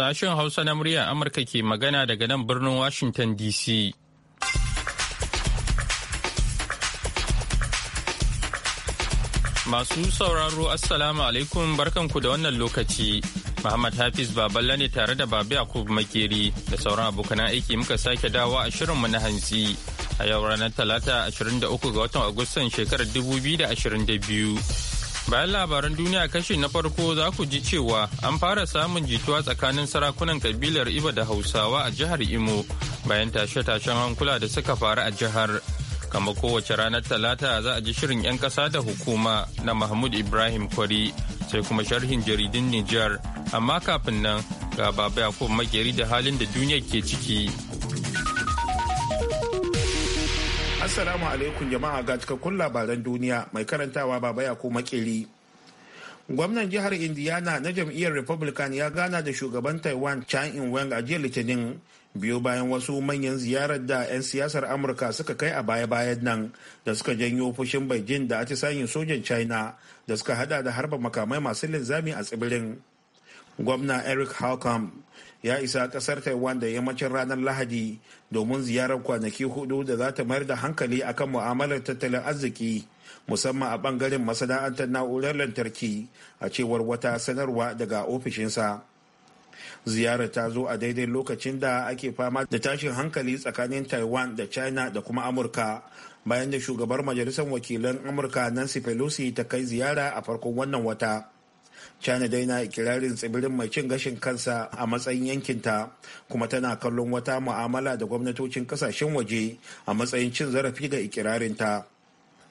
Sashen Hausa na muryar Amurka ke magana daga nan birnin Washington DC. Masu sauraro Assalamu alaikum barkanku da wannan lokaci. Muhammad Hafiz Baballa ne tare da Babi Yakub Makeri da sauran abokan aiki muka sake dawo a shirin mu na hantsi. A yau ranar Talata 23 ga watan Agustan shekarar 2022. Bayan labaran duniya kashi na farko za ku ji cewa an fara samun jituwa tsakanin sarakunan kabilar Iba da Hausawa a jihar Imo bayan tashe-tashen hankula da suka faru a jihar. Kama kowace ranar Talata za a ji shirin 'yan ƙasa da hukuma na Mahmud Ibrahim Kwari sai kuma sharhin jaridun Nijar. Amma kafin nan ga Baba yakub Makeri da halin da duniya ke ciki. Assalamu alaikum jama'a ga cikakkun labaran duniya mai karantawa baba ya ko makeri. Gwamnan jihar Indiana na jam'iyyar Republican ya gana da shugaban Taiwan Chan Ing-wen a jiya Litinin biyu bayan wasu manyan ziyarar da 'yan siyasar Amurka suka kai a baya-bayan nan da suka janyo fushin Beijing da sanyin sojan China da suka hada da harba makamai masu linzami a tsibirin. Gwamna Eric halcombe. ya isa kasar taiwan da yammacin ranar lahadi domin ziyarar kwanaki hudu da za ta mayar da hankali akan mu'amalar tattalin arziki musamman a bangaren masana'antar na'urar lantarki a cewar wata sanarwa daga ofishinsa ziyarar ta zo a daidai lokacin da ake fama da tashin hankali tsakanin taiwan da china da kuma amurka bayan da shugabar majalisar wakilan amurka nancy pelosi ta kai ziyara a farkon wannan wata china dai na ikirarin tsibirin mai cin gashin kansa a matsayin yankinta kuma tana kallon wata mu'amala da gwamnatocin kasashen waje a matsayin cin zarafi ga ikirarinta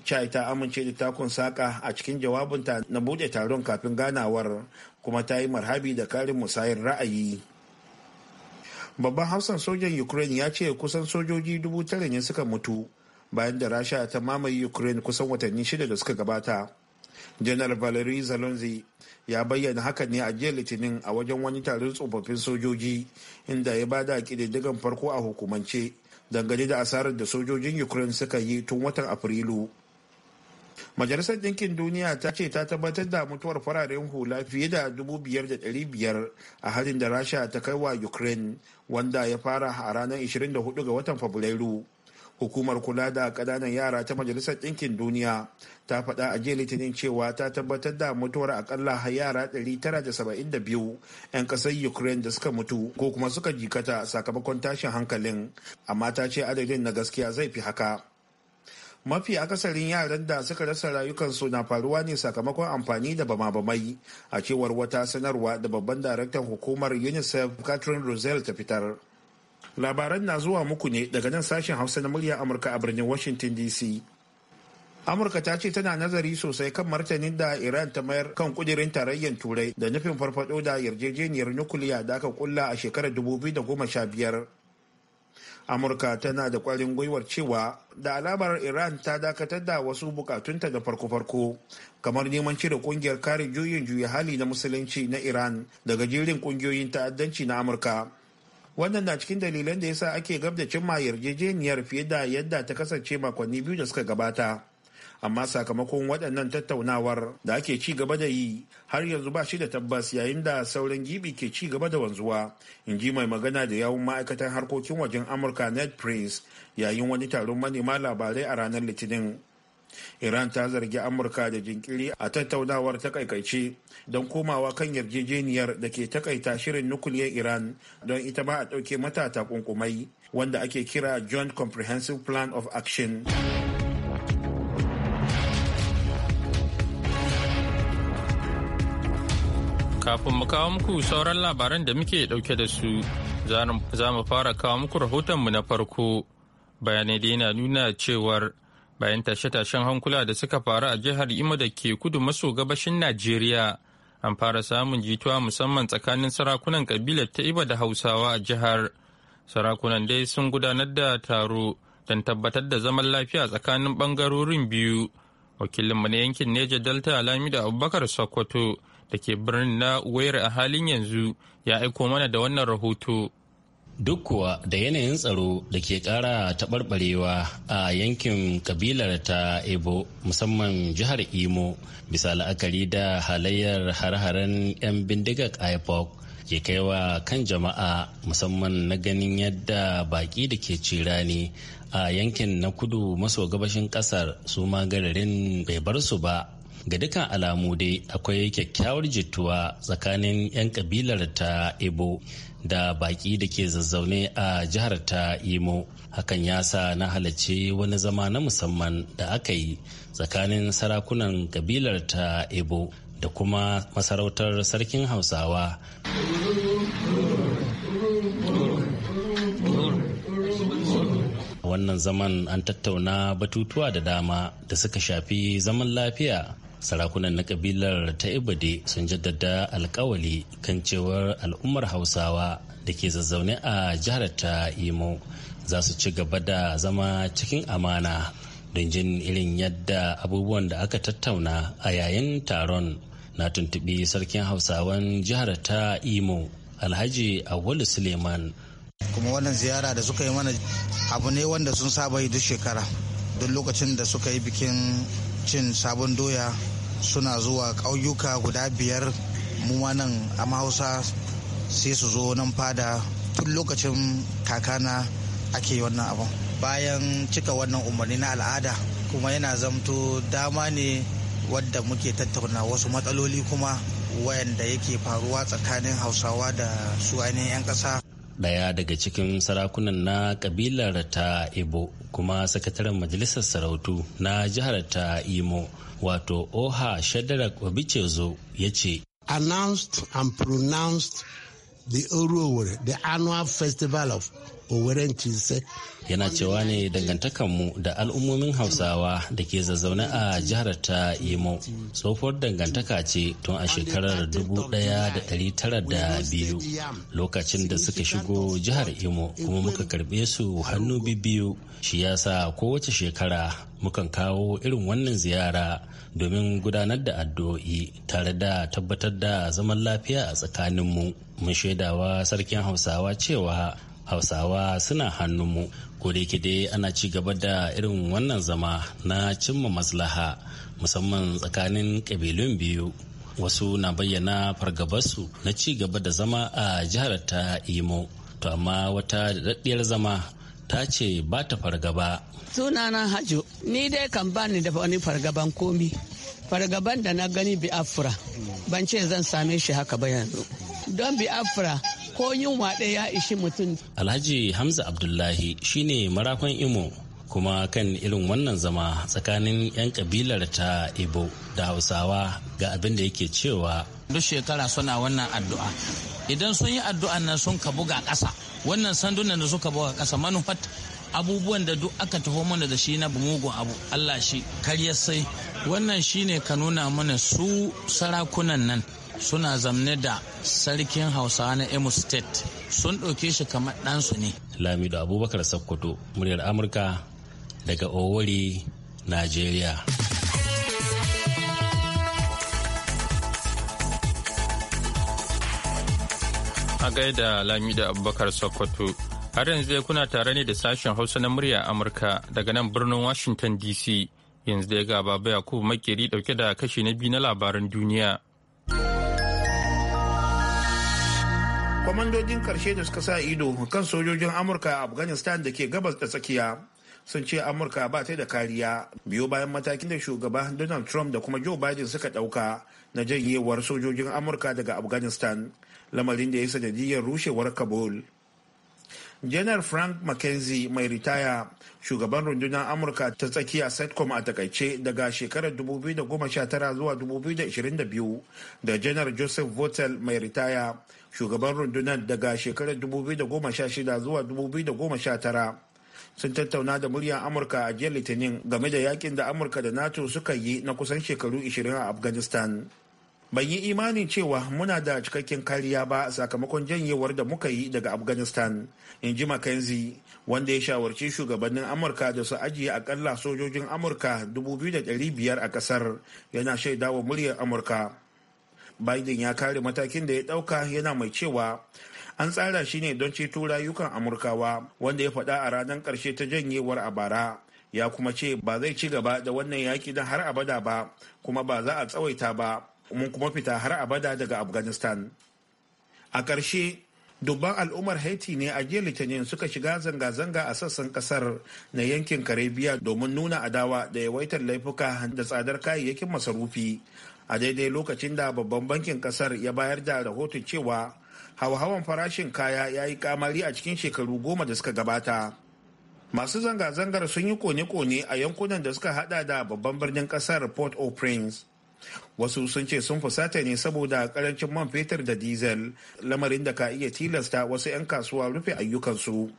chai ta amince da takun saka a cikin jawabinta na bude taron kafin ganawar kuma ta yi marhabi da karin musayar ra'ayi babban hausan sojan ukraine ya ce kusan sojoji dubu tara ne suka mutu bayan da rasha ta mamaye ukraine kusan watanni shida da suka gabata janar valeri zalonzi ya bayyana haka ne a jiya litinin a wajen wani taron tsofaffin sojoji inda ya bada kididdigan farko a hukumance dangane da asarar da sojojin ukraine suka yi tun watan afrilu majalisar ɗinkin duniya ta ce ta tabbatar da mutuwar fararen hula fiye da 5,500 a hadin da rasha ta kai wa ukraine wanda ya fara a ranar 24 ga watan fabrairu hukumar kula da ƙananan yara ta majalisar ɗinkin duniya ta faɗa a jiya litinin cewa ta tabbatar da mutuwar akalla har yara 972 'yan ƙasar ukraine da suka mutu ko kuma suka jikata sakamakon tashin hankalin amma ta ce adadin na gaskiya zai fi haka mafi akasarin yaran da suka rasa rayukansu na faruwa ne sakamakon amfani da bama-bamai a cewar wata sanarwa da babban daraktan hukumar unicef catherine rosel ta fitar labaran na zuwa muku ne daga nan sashen hausa na murya amurka a birnin washington dc amurka ta ce tana nazari sosai kan martanin da iran ta mayar kan kudirin tarayyar turai da nufin farfado da yarjejeniyar nukuliya da aka kulla a shekarar 2015 amurka tana da kwarin gwiwar cewa da alamar iran ta dakatar da wasu bukatunta da farko-farko kamar neman cire kungiyar kare juyin juya hali na musulunci na iran daga jirin kungiyoyin ta'addanci na amurka wannan na cikin dalilan da yasa ake gab da cimma yarjejeniyar fiye da yadda ta kasance makonni biyu da suka gabata amma sakamakon waɗannan tattaunawar da ake ci gaba da yi har yanzu ba shi da tabbas yayin da sauran gibi ke ci gaba da wanzuwa in ji mai magana da yawun ma'aikatan harkokin wajen amurka ned prince yayin wani taron manema labarai a ranar litinin iran ta zargi amurka da jinkiri a tattaunawar takaikaici don komawa kan yarjejeniyar da ke takaita shirin nukuliyar iran don ita ba a ɗauke mata takunkumai wanda ake kira joint comprehensive plan of action kafin mu kawo muku sauran labaran da muke dauke da su za mu fara kawo muku rahotonmu na farko bayanai da yana nuna cewar bayan tashe-tashen hankula da suka faru a jihar Imo da ke kudu maso gabashin Najeriya. An fara samun jituwa musamman tsakanin sarakunan kabilar ta Iba da Hausawa a jihar. Sarakunan dai sun gudanar da taro don tabbatar da zaman lafiya tsakanin bangarorin biyu. Wakilinmu na yankin Neja Delta da Abubakar Sokoto da ke birnin na Uwair a halin yanzu ya aiko mana da wannan rahoto. duk kuwa da yanayin tsaro da ke kara taɓarɓarewa a yankin kabilar ta ebo musamman jihar imo bisa la'akari da halayyar har-haren 'yan bindigar ipoc ke kaiwa kan jama'a musamman na ganin yadda baƙi da ke cira ni a yankin na kudu maso gabashin ƙasar su gararin bai bar su ba ga dukkan alamu dai akwai kyakkyawar jituwa tsakanin 'yan kabilar ta ebo da baki da ke zazzaune a jihar ta imo hakan ya sa na halarci wani zama na musamman da aka yi tsakanin sarakunan kabilar ta ebo da kuma masarautar sarkin hausawa wannan zaman an tattauna batutuwa da dama da suka shafi zaman lafiya sarakunan na kabilar ta ibade sun jaddada alkawali kan cewar al'ummar hausawa da ke zazzaune a jihar ta imo za su ci gaba da zama cikin amana don jin irin yadda abubuwan da aka tattauna a yayin taron na tuntubi sarkin hausawan jihar ta imo alhaji awalu suleiman kuma wannan ziyara da suka yi mana abu ne wanda sun saba yi duk shekara duk lokacin da suka yi bikin cin sabon doya suna zuwa ƙauyuka guda biyar mu nan a mahausa sai su zo nan fada tun lokacin kakana ake wannan abin bayan cika wannan umarni na al'ada kuma yana zamto dama ne wadda muke tattauna wasu matsaloli kuma wayanda yake faruwa tsakanin hausawa da su ainihin 'yan ƙasa Daya daga cikin sarakunan na kabilar ta Ibo kuma sakataren majalisar sarautu na jihar ta Imo wato Oha Shadarak Obichezo ya ce. Announced and pronounced the Oru the annual festival of Owerri Yana cewa ne dangantakanmu da al'ummomin Hausawa da ke zazzaune a jihar ta Imo. Tsohuwar dangantaka ce tun a shekarar 1902 lokacin da suka shigo jihar Imo kuma muka karbe su hannu biyu shi ya yasa kowace shekara mukan kawo irin wannan ziyara domin gudanar da addu'o'i tare da tabbatar da zaman lafiya a tsakaninmu. mun shaidawa sarkin hausawa cewa hausawa suna hannunmu ko da dai ana ci gaba da irin wannan zama na cimma maslaha musamman tsakanin ƙabilun biyu wasu na bayyana fargabarsu na ci gaba da zama a jihar ta imo to amma wata daɗaɗɗiyar zama ta ce ba ta fargaba sunana hajo ni dai kan bani da wani fargaban komi fargaban da na gani biafra ban ce zan same shi haka ba yanzu don biafra ko yin ɗaya ya ishi mutum. alhaji hamza abdullahi shine marakon imo kuma kan irin wannan zama tsakanin 'yan kabilar ta ibo da hausawa ga abin da yake cewa duk shekara suna wannan addu'a idan sun yi addu'a nan sun ka buga ƙasa wannan sandunan da suka buga ƙasa manufat abubuwan da duk aka taho mana da shi na mugun abu Allah shi karya sai wannan shine ka nuna mana su sarakunan nan suna zamne da sarkin hausawa na emu state sun ɗauke shi kamar ɗansu ne lamido abubakar sakkwato muryar amurka daga owari nigeria a gaida lamido abubakar sakkwato har yanzu dai kuna tare ne da sashen hausa na murya amurka daga nan birnin washington dc yanzu da ga baba yakubu makeri dauke da kashi na biyu na labaran duniya kwamandojin karshe da suka sa ido kan sojojin amurka a afghanistan da ke gabas da tsakiya sun ce amurka ba ta da kariya biyo bayan matakin da shugaba donald trump da kuma joe biden suka dauka na janyewar sojojin amurka daga afghanistan lamarin da ya sanadiyar rushewar kabul janar frank mckenzie mai ritaya shugaban rundunar amurka ta tsakiya setcom a takaice daga shekarar 2019 zuwa 2022 da janar joseph votel mai ritaya shugaban rundunar daga shekarar 2016 zuwa 2019 sun tattauna da muryar amurka a jiyar litinin game da yakin da amurka da nato suka yi na kusan shekaru 20 a afghanistan ban yi imanin cewa muna da cikakken kariya ba a sakamakon janyewar da muka yi daga afghanistan in ji wanda ya shawarci shugabannin amurka da su ajiye akalla sojojin amurka 2,500 a kasar yana shaidawa muryar amurka biden ya kare matakin da ya dauka yana mai cewa an tsara shi ne don ceto rayukan amurkawa wanda ya faɗa a ranar ƙarshe ta janyewar a bara ya kuma ce ba zai ci gaba da wannan yaki don har abada ba kuma ba za a tsawaita ba mun kuma fita har abada daga afghanistan a ƙarshe dubban al'ummar haiti ne a jiya litinin suka shiga zanga-zanga a sassan kasar na yankin karibiya domin nuna adawa da yawaitar laifuka da tsadar kayayyakin masarufi a daidai lokacin da babban bankin kasar ya bayar da rahoton cewa hauhawan farashin kaya ya yi kamari a cikin shekaru goma da suka gabata masu zanga-zangar sun yi kone-kone a yankunan da suka hada da babban birnin kasar port au prince wasu sun ce sun fusata ne saboda karancin man fetur da diesel lamarin da ka iya tilasta wasu 'yan kasuwa rufe ayyukansu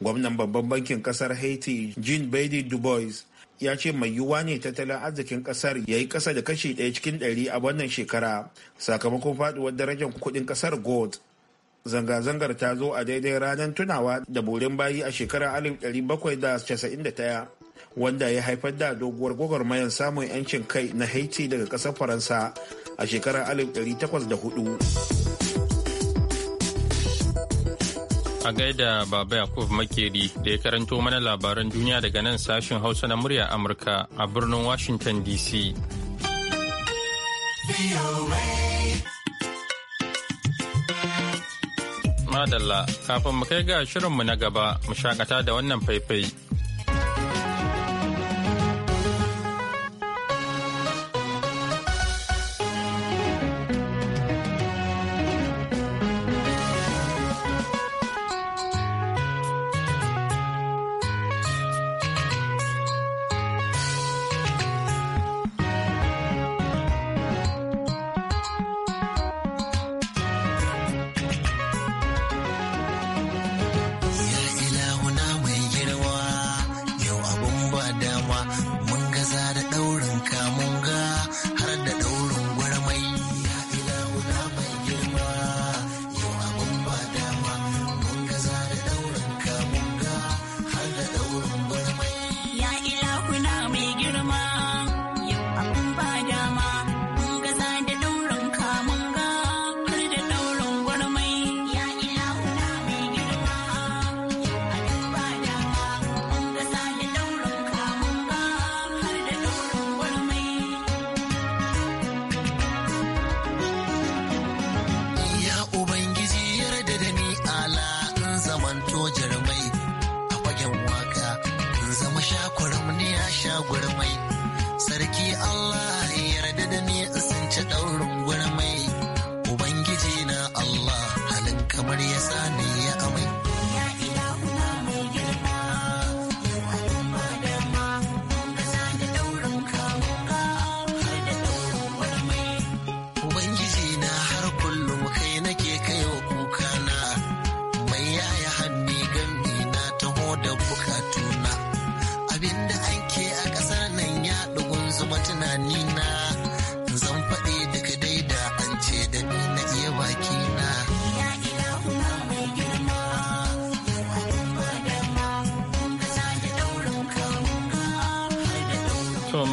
gwamnan babban bankin kasar haiti jean bailey dubois ya ce mai yiwuwa ne tattalin arzikin kasar ya yi kasa da kashi ɗaya cikin ɗari a wannan shekara sakamakon faduwar darajar kuɗin kasar gold zanga-zangar ta zo a daidai ranar tunawa da borin bayi a shekarar 1791 wanda ya haifar da doguwar gwagwarmayar samun 'yancin kai na haiti daga ƙasar faransa a shekarar hudu. A gaida Baba Yakub Makeri da ya karanto mana labaran duniya daga nan sashen Hausa na murya Amurka a birnin Washington DC. Madalla, kafin mu kai ga shirinmu na gaba, mu shakata da wannan faifai.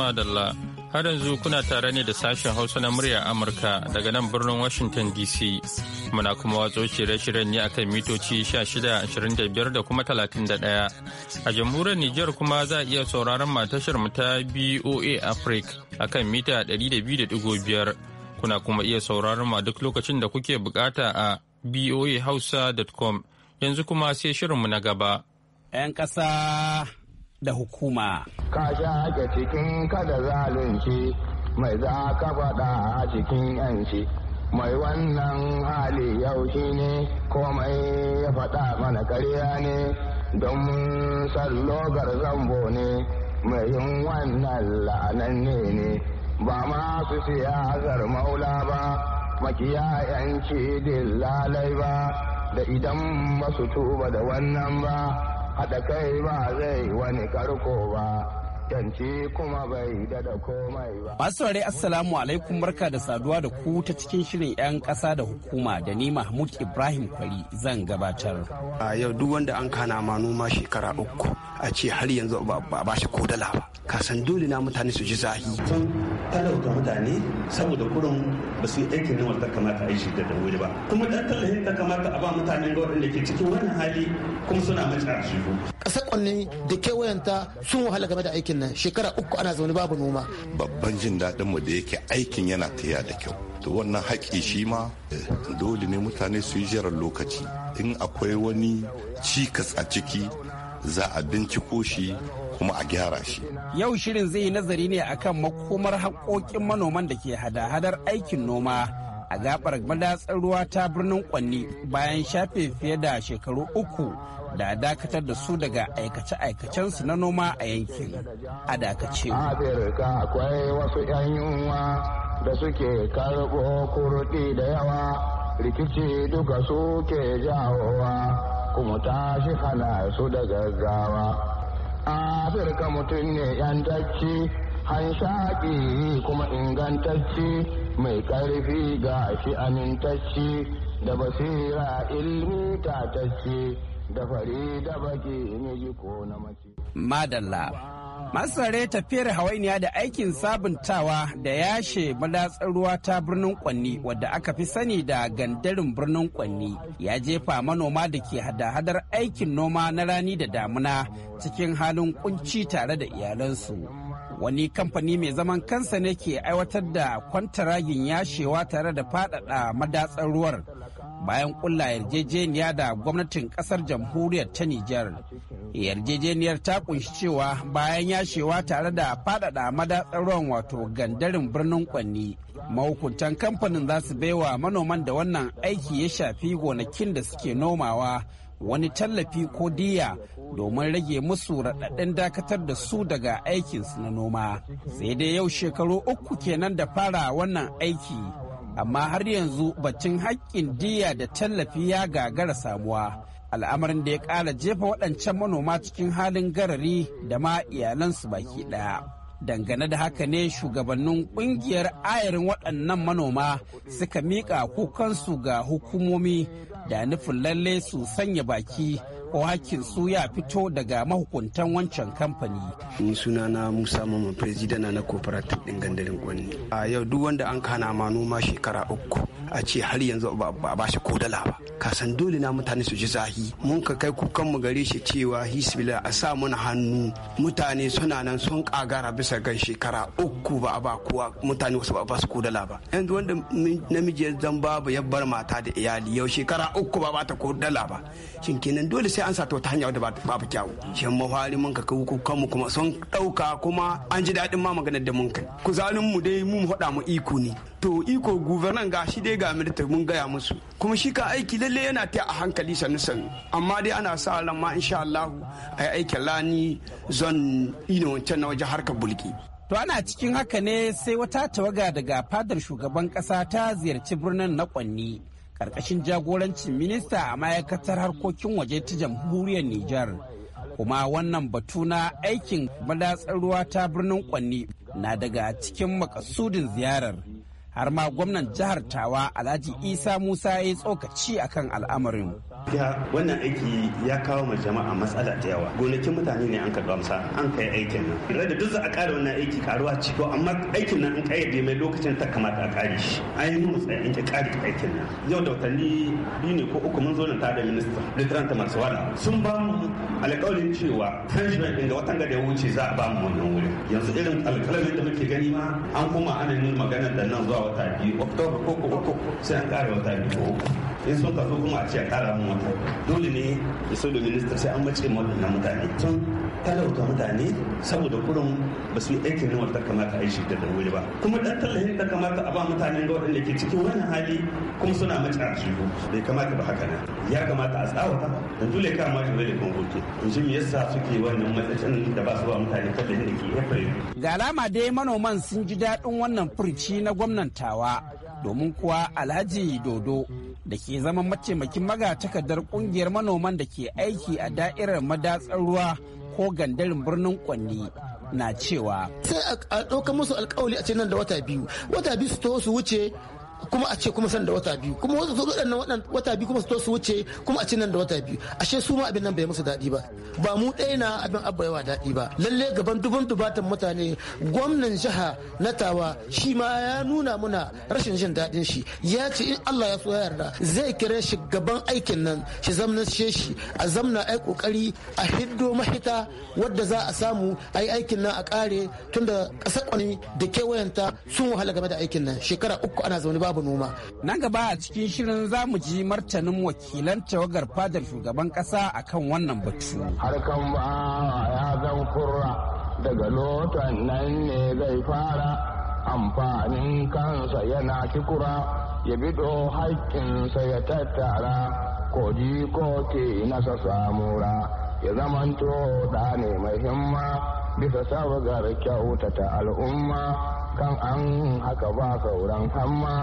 madalla har yanzu kuna tare ne da sashen hausa na murya amurka daga nan birnin washington dc muna kuma watso shirye-shiryen ne akan mitoci 1625 da kuma 31 a jamhuriyar niger kuma za a iya sauraron matashar mu ta boa africa akan mita 200.5 kuna kuma iya sauraron ma duk lokacin da kuke bukata a boahausa.com yanzu kuma sai shirinmu na gaba 'yan ƙasa da hukuma. Ka sha ake cikin kada zalunci mai za ka faɗa a cikin yanci mai wannan hali yau shi ne mai ya faɗa mana karya ne don sallo zambo ne mai yin wannan la'ananne ne ba ma masu siyasar maula ba yanci dillalai ba da idan ba su tuba da wannan ba haɗa kai ba zai wani karko ba Yanci kuma bai dada komai ba. Masu saurari Assalamu alaikum barka da saduwa da ku ta cikin shirin 'yan ƙasa da hukuma da ni Mahmud Ibrahim Kwari zan gabatar. A yau duk wanda an kana ma noma shekara uku a ce har yanzu ba ba shi kodala ba. Kasan dole na mutane su ji zahi. Sun talauta mutane saboda kurin ba su yi aikin nan wanda kamata a yi shi da wuri ba. Kuma ɗan talahin ta kamata a ba mutanen ga waɗanda ke cikin wannan hali kuma suna mace a Ƙasar ƙwanne da kewayenta sun wahala game da aikin lokacin nan shekara uku ana zaune babu noma babban jin daɗin mu da yake aikin yana taya da kyau to wannan haƙƙi shi ma eh, dole ne mutane su yi jiran lokaci in akwai wani cikas a ciki za a binciko shi kuma a gyara shi. Yau shirin zai yi nazari ne akan makomar haƙoƙin manoman da ke hada-hadar aikin noma a gaɓar madatsar ruwa ta birnin Kwanni bayan shafe fiye da shekaru uku da a dakatar da su daga aikace-aikacensu na noma a yankin a dakace. Afirka akwai wasu 'yan yunwa da suke karɓo kurɗi da yawa rikici duka suke jawowa kuma tashi hana su da gaggawa. Afirka mutum ne 'yan tacci hanshaƙi kuma ingantacci mai ƙarfi ga shi amintacci da basira ilmi tatacce da fari da baki miji ko na mace. Madalla. Masare tafiyar hawainiya da aikin sabuntawa da yashe madatsar ruwa ta birnin Kwanni wadda aka fi sani da gandarin birnin Kwanni ya jefa manoma da ke hada-hadar aikin noma na rani da damuna cikin halin kunci tare da iyalansu. Wani kamfani mai zaman kansa ne ke aiwatar da kwantaragin yashewa tare da faɗaɗa madatsar ruwar bayan kulla yarjejeniya da gwamnatin kasar jamhuriyar ta Nijar. Yarjejeniyar ta kunshi cewa bayan yashewa tare da faɗaɗa madatsar ruwan wato gandarin birnin Kwanni. Mahukuntan kamfanin za su baiwa manoman da wannan aiki ya shafi gonakin da suke nomawa wani tallafi ko diya domin rage musu raɗaɗin dakatar da su daga aikinsu na noma. Sai dai yau shekaru uku kenan da fara wannan aiki. amma har yanzu baccin haƙƙin diya da tallafi ya gagara samuwa al'amarin da ya ƙara jefa waɗancan manoma cikin halin garari da ma iyalansu baki ɗaya dangane da haka ne shugabannin ƙungiyar ayarin waɗannan manoma suka miƙa kukansu ga hukumomi da nufin lalle su sanya baki wakin su ya fito daga mahukuntan wancan kamfani. Ni suna na Musa Mama Prezidana na Cooperative ɗin gandarin Gwanni. A yau duk wanda an kana ma noma shekara uku a ce har yanzu ba a bashi kodala ba. Kasan dole na mutane su ji zahi. Mun ka kai kukan mu gare shi cewa hisbila a sa mana hannu mutane suna nan sun kagara bisa gan shekara uku ba a ba kowa mutane wasu ba a basu kodala ba. Yanzu wanda namiji ya zan babu ya bar mata da iyali yau shekara uku ba ba ta kodala ba. Shin kenan dole sai an sa ta wata hanya wadda babu kyawu shin mafari mun ka kukan mu kuma sun ɗauka kuma an ji daɗin ma maganar da mun kai kuzarin mu dai mu faɗa mu iko ne to iko guvernan ga shi dai ga milita mun gaya musu kuma shi ka aiki lalle yana ta a hankali sannu sannu amma dai ana sa ran ma insha Allah ai aikin lani zan ina wancan na wajen harkar bulki To ana cikin haka ne sai wata tawaga daga fadar shugaban kasa ta ziyarci birnin na Kwanni ƙarƙashin jagorancin minista a ma'aikatar harkokin waje ta jamhuriyar Nijar. Kuma wannan batu na aikin madatsar ruwa ta birnin Kwanni na daga cikin makasudin ziyarar. Har ma gwamnan jihar Tawa Alhaji Isa Musa ya tsokaci akan al'amarin. Ya wannan aiki ya kawo ma jama'a matsala da yawa. Gonakin mutane ne an karɓa musa an kai aikin nan. Rai duk za a ƙara wannan aiki karuwa ci ko amma aikin nan an ƙayyade mai lokacin ta kamata a ƙare shi. An yi nuna an ƙare aikin nan. Yau da watanni biyu ne ko uku mun zo nan tare da minista Lieutenant Marsuwala sun ba mu alƙawarin cewa tanjiban ɗin ga watan da ya wuce za a ba mu wannan wuri. Yanzu irin alƙalamin da muke gani ma an kuma ana yin maganar da nan zuwa wata biyu Oktoba ko ko sai an ƙara wata biyu in sun kafa kuma a ce a kara mu wata dole ne ya so da minista sai an mace waɗannan mutane tun talauta mutane saboda kurin ba su yi aikin nan wanda kamata a yi shi da wuri ba kuma dan tallafin da kamata a ba mutanen ga waɗanda ke cikin wannan hali kuma suna mace a su bai kamata ba haka nan ya kamata a tsawata dan dole ka ma jure da kongoke in shi me yasa suke wannan matsacin da ba su ba mutane tallafin da ke ya ga alama dai manoman sun ji daɗin wannan furci na gwamnatawa. domin kuwa alhaji dodo da ke zama mataimakin magatakardar kungiyar manoman da ke aiki a da'irar madatsar ruwa ko gandarin birnin kwanni na cewa sai a ɗauka musu alkawali a cikin nan da wata biyu wata biyu su to su wuce kuma a ce kuma san da wata biyu kuma wasu waɗannan wata biyu kuma su to su wuce kuma a ce nan da wata biyu ashe su ma abin nan bai musu daɗi ba ba mu ɗaya na abin abba daɗi ba lalle gaban dubun dubatan mutane gwamnan jiha na tawa shi ma ya nuna muna rashin jin daɗin shi ya ce in Allah ya so ya yarda zai kira shi gaban aikin nan shi zamna shi a zamna ai kokari a hiddo mahita wadda za a samu ai aikin nan a kare tunda ƙasar kwani da kewayenta sun wahala game da aikin nan shekara uku ana zaune babu babu noma. Nan gaba a cikin shirin za mu ji martanin wakilan tawagar fadar shugaban kasa akan wannan batu. Harkan ba ya zan kurra daga lotan nan ne zai fara amfanin kansa yana kikura ya bido haƙƙinsa ya tattara ko ko ke nasa samura. ya zamanto da ne mai himma bisa sabgar kyauta ta al'umma kan an haka ba sauran hamma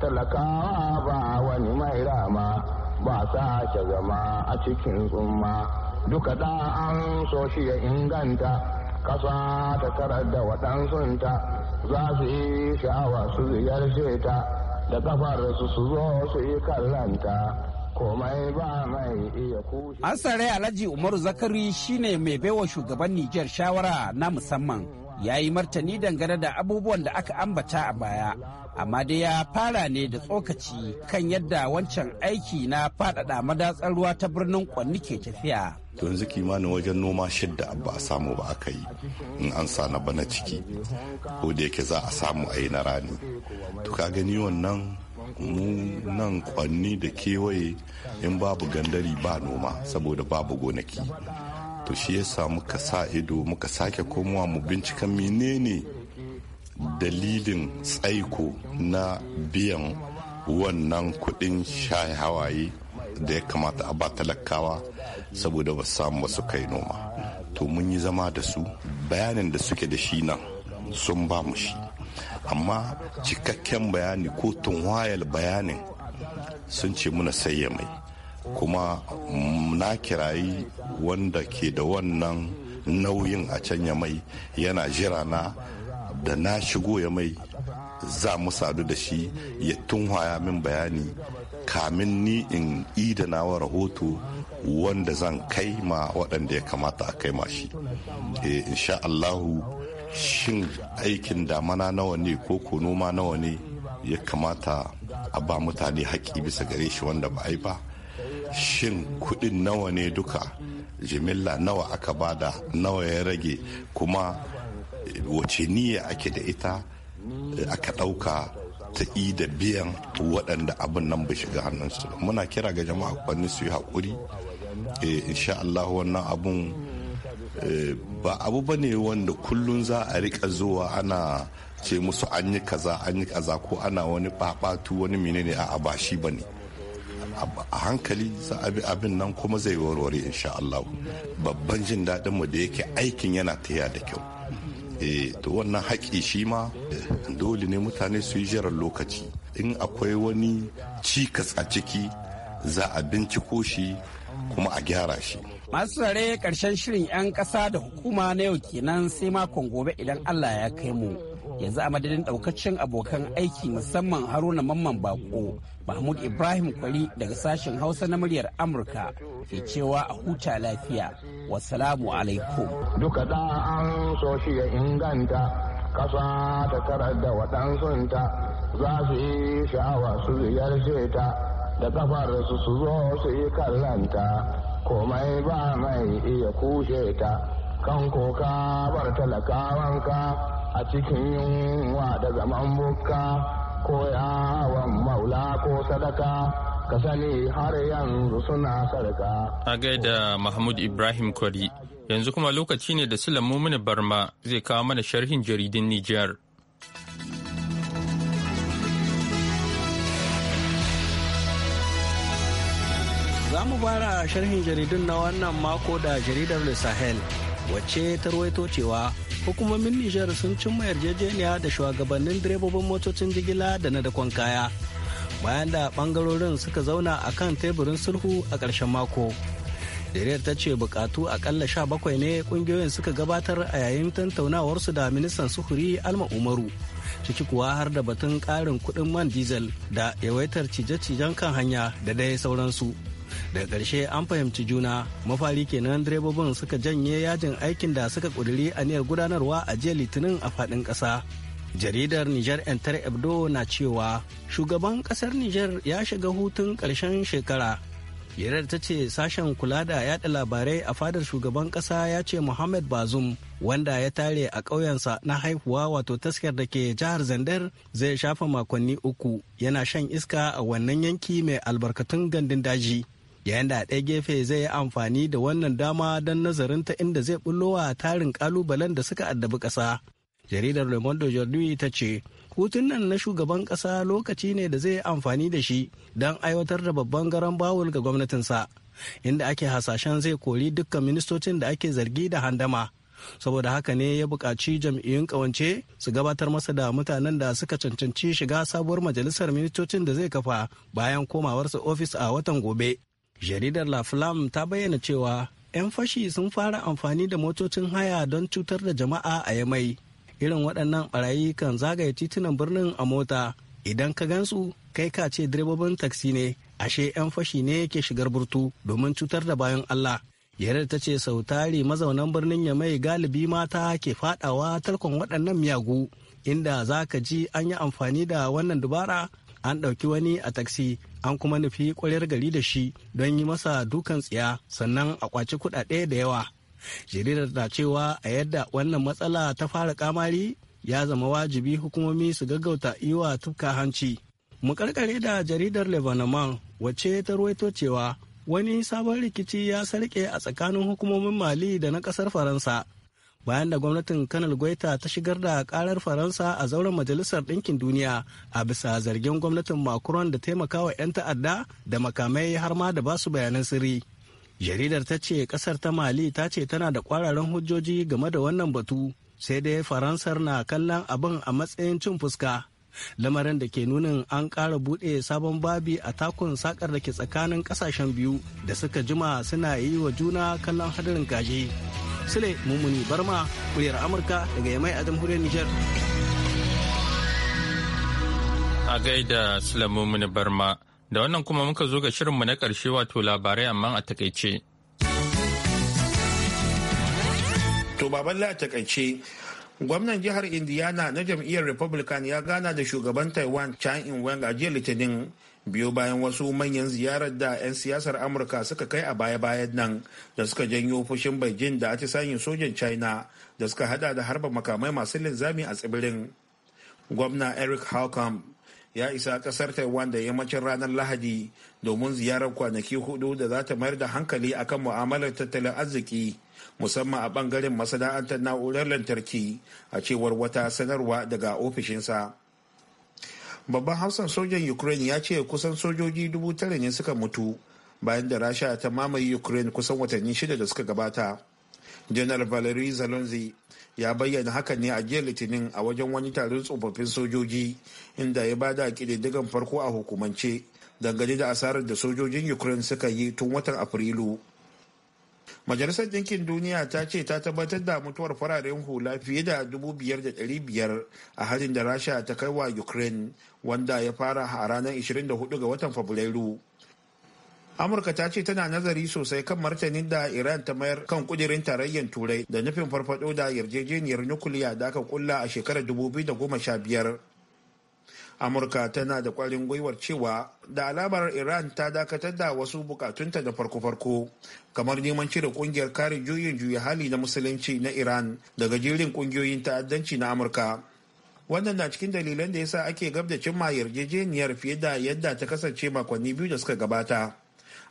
talakawa ba wani mai rama ba sa ke zama a cikin tsumma duka da an so shi ya inganta kasa ta tarar da waɗansunta za su yi sha'awa su ziyarce ta da kafar su su zo su yi kallanta komai ba mai iya kushe. Alhaji Umaru Zakari shine mai baiwa shugaban Nijar shawara na musamman. Ya yi martani dangane da abubuwan da aka ambata a baya, amma dai ya fara ne da tsokaci kan yadda wancan aiki na faɗaɗa madatsar ruwa ta birnin Kwanni ke tafiya. yanzu kimanin wajen noma shidda ba a samu ba aka yi in an sa na bana ciki ko da yake za a samu a yi na rani to ka gani wannan mu nan kwanni da kewaye in babu gandari ba noma saboda babu gonaki to shi ya sa muka sa ido muka sake komowa mu bincika menene dalilin tsaiko na biyan wannan kudin shaye hawaye da ya kamata a ba talakawa saboda ba samu wasu kai noma to mun yi zama da su bayanin da suke da shi nan sun ba mu shi amma cikakken bayani ko tunwayal bayanin sun ce muna sayya mai kuma na kirayi wanda ke da wannan nauyin a can ya mai yana jira na da na shigo ya mai za mu sadu da shi ya tunwaya min bayani kamin ni in nawa rahoto wanda zan kai ma waɗanda ya kamata a kai ma shi eh, insha Allahu shin aikin damana nawa ne ko ko noma nawa ne ya kamata a ba mutane haƙƙi bisa gare shi wanda ba a yi ba shin kuɗin nawa ne duka jimilla nawa aka ba da nawa ya rage kuma eh, wace niyya ake da ita eh, aka ɗauka ta yi da biyan waɗanda abin nan bai shiga hannunsu muna kira ga jama'a kwanni su yi haƙuri eh, insha Allah wannan abun Eh, ba abu ba ne wanda kullum za a rika zuwa ana ce musu an yi kaza an yi kaza ko ana wani babatu wani menene a ba shi ba ne a hankali za a bi abin nan kuma zai warware insha Allah babban jin daɗin mu da yake aikin yana taya da kyau eh to wannan haƙi shi ma eh, dole ne mutane su yi jiran lokaci in akwai wani cikas a ciki za a binciko shi kuma a gyara shi Masu tsare karshen shirin 'yan ƙasa da hukuma na yau kenan sai makon gobe idan Allah ya kai mu. Yanzu a madadin daukacin abokan aiki musamman Haruna Mamman Bako, Mahmud Ibrahim Kwari daga sashen Hausa na muryar Amurka ke cewa a huta lafiya. wasalamu alaikum. Duka da an so shi ya inganta, ƙasa ta tarar da waɗansunta za su yi sha'awa su ziyarce ta da kafar su su zo su yi kallanta. komai ba mai iya kushe ta kan koka bar talakawanka a cikin yunwa da zaman bukka ko yawon maula ko sadaka ka sani har yanzu suna sarka. A gaida Mahmud Ibrahim Kwari yanzu kuma lokaci ne da Sulamu Barma zai kawo mana sharhin jaridin Nijar. Za mu fara sharhin jaridun na wannan mako da jaridar Le Sahel wacce ta ruwaito cewa hukumomin Nijar sun cimma yarjejeniya da shugabannin direbobin motocin jigila da na dakon kaya bayan da bangarorin suka zauna a kan teburin sulhu a ƙarshen mako. Jaridar ta ce bukatu akalla sha bakwai ne kungiyoyin suka gabatar a yayin tantaunawarsu da ministan sufuri Alma Umaru. ciki kuwa har da batun ƙarin kuɗin man diesel da yawaitar cije-cijen kan hanya da dai sauransu. daga ƙarshe an fahimci juna mafari kenan direbobin suka janye yajin aikin da suka ƙudiri aniyar gudanarwa a jiya litinin a faɗin ƙasa jaridar niger enter ebdo na cewa shugaban ƙasar niger ya shiga hutun ƙarshen shekara Yarar ta ce sashen kula da yada labarai a fadar shugaban ƙasa ya ce Muhammad Bazum wanda ya tare a ƙauyensa na haihuwa wato taskar da ke jihar Zandar zai shafa makonni uku yana shan iska a wannan yanki mai albarkatun gandun daji. yayin da ɗaya gefe zai yi amfani da wannan dama don nazarin ta inda zai bullowa tarin kalubalen da suka addabi ƙasa jaridar le monde aujourd'hui ta ce hutun nan na shugaban ƙasa lokaci ne da zai yi amfani da shi don aiwatar da babban garan bawul ga gwamnatinsa inda ake hasashen zai kori dukkan ministocin da ake zargi da handama saboda haka ne ya buƙaci jam'iyyun ƙawance su gabatar masa da mutanen da suka cancanci shiga sabuwar majalisar ministocin da zai kafa bayan komawarsa ofis a watan gobe jaridar la flam ta bayyana cewa 'yan fashi sun fara amfani da motocin haya don cutar da jama'a a yamai irin waɗannan barayi kan zagaye titunan birnin a mota idan ka gansu kai ka ce direbobin taksi ne ashe 'yan fashi ne ke shigar burtu domin cutar da bayan allah yarar ta ce sau tari mazaunan birnin yamai galibi mata ke fadawa tarkon waɗannan miyagu inda za ka ji an yi amfani da wannan dubara an ɗauki wani a taksi an kuma nufi kwarar gari da shi don yi masa dukan tsiya sannan a kwaci kuɗaɗe da yawa jaridar ta cewa a yadda wannan matsala ta fara kamari ya zama wajibi hukumomi su gaggauta iwa tufka hanci mu karkare da jaridar lebanon wacce ta ruwaito cewa wani sabon rikici ya sarke a tsakanin hukumomin mali da na kasar faransa bayan da gwamnatin kanal gwaita ta shigar da karar faransa a zauren majalisar ɗinkin duniya a bisa zargin gwamnatin macron da taimakawa 'yan ta'adda da makamai har ma da basu bayanan sirri jaridar ta ce kasar ta mali ta ce tana da kwararan hujjoji game da wannan batu sai dai faransar na kallon abin a matsayin cin fuska lamarin da ke nunin an ƙara buɗe sabon babi a takun sakar da ke tsakanin ƙasashen biyu da suka jima suna yi wa juna kallon hadarin gaje sule mummuni barma Kuliyar amurka daga yamai a jamhuriyar nijar a gaida sule mummuni barma da wannan kuma muka zo ga shirinmu na ƙarshe wato labarai amma a takaice to baban la takaice gwamnan jihar indiana na jam'iyyar republican ya gana da shugaban taiwan chan in wang a jiya litinin biyo bayan wasu manyan ziyarar da 'yan siyasar amurka suka kai a baya-bayan nan da suka janyo fushin beijing da atisayin sojan china da suka hada da harba makamai masu linzami a tsibirin gwamna eric halcom ya isa kasar taiwan da yammacin ranar lahadi domin ziyarar kwanaki hudu da za ta mayar da hankali akan mu'amalar tattalin arziki musamman a bangaren masana'antar na'urar lantarki a cewar wata sanarwa daga ofishinsa babban hausan sojan ukraine ya ce kusan sojoji dubu tara ne suka mutu bayan da rasha ta mamaye ukraine kusan watanni shida da suka gabata janar valery zalonzi ya bayyana hakan ne a jiya litinin a wajen wani taron tsofaffin sojoji inda ya bada kididdigan farko a hukumance dangane da asarar da sojojin ukraine suka yi tun watan afrilu Majalisar Dinkin Duniya ta ce ta tabbatar da mutuwar fararen hula fiye da 5,500 a harin da Rasha ta kai wa Ukraine wanda ya fara a ranar 24 ga watan Fabrairu. Amurka ta ce tana nazari sosai kan martanin da Iran ta mayar kan kudirin tarayyar Turai da nufin farfado da yarjejeniyar nukuliya da aka kulla a shekarar 2015 amurka tana da kwarin gwiwar cewa da alamar iran ta dakatar da wasu bukatunta da farko-farko kamar neman cire kungiyar kare juyin juya hali na musulunci na iran daga jirin kungiyoyin ta'addanci na amurka wannan na cikin dalilan da yasa ake gab da cimma yarjejeniyar fiye da yadda ta kasance makonni biyu da suka gabata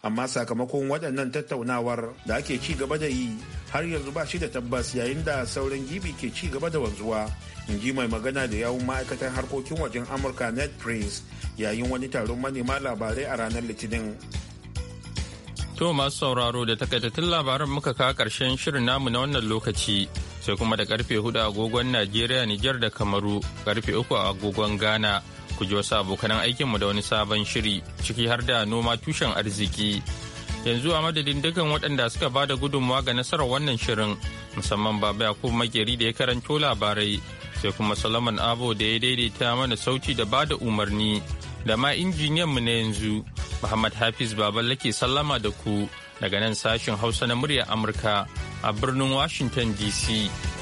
amma sakamakon waɗannan tattaunawar da ake ci gaba da yi har yanzu ba shi da tabbas yayin da sauran gibi ke ci gaba da wanzuwa in ji mai magana da yawun ma'aikatan harkokin wajen amurka net prince yayin wani taron manema labarai a ranar litinin to masu sauraro da takaitattun labaran muka kawo karshen shirin namu na wannan lokaci sai kuma da karfe hudu agogon najeriya nijar da kamaru karfe uku a agogon ghana ku ji wasu abokanan aikinmu da wani sabon shiri ciki har da noma tushen arziki yanzu a madadin dukkan waɗanda suka ba da gudunmawa ga nasarar wannan shirin musamman baba yakubu makeri da ya karanto labarai sai kuma Solomon Abo da ya daidaita mana sauti da bada umarni da ma injiniyan mu na yanzu Muhammad Hafiz Baballe ke sallama da ku daga nan sashin Hausa na murya Amurka a birnin Washington DC.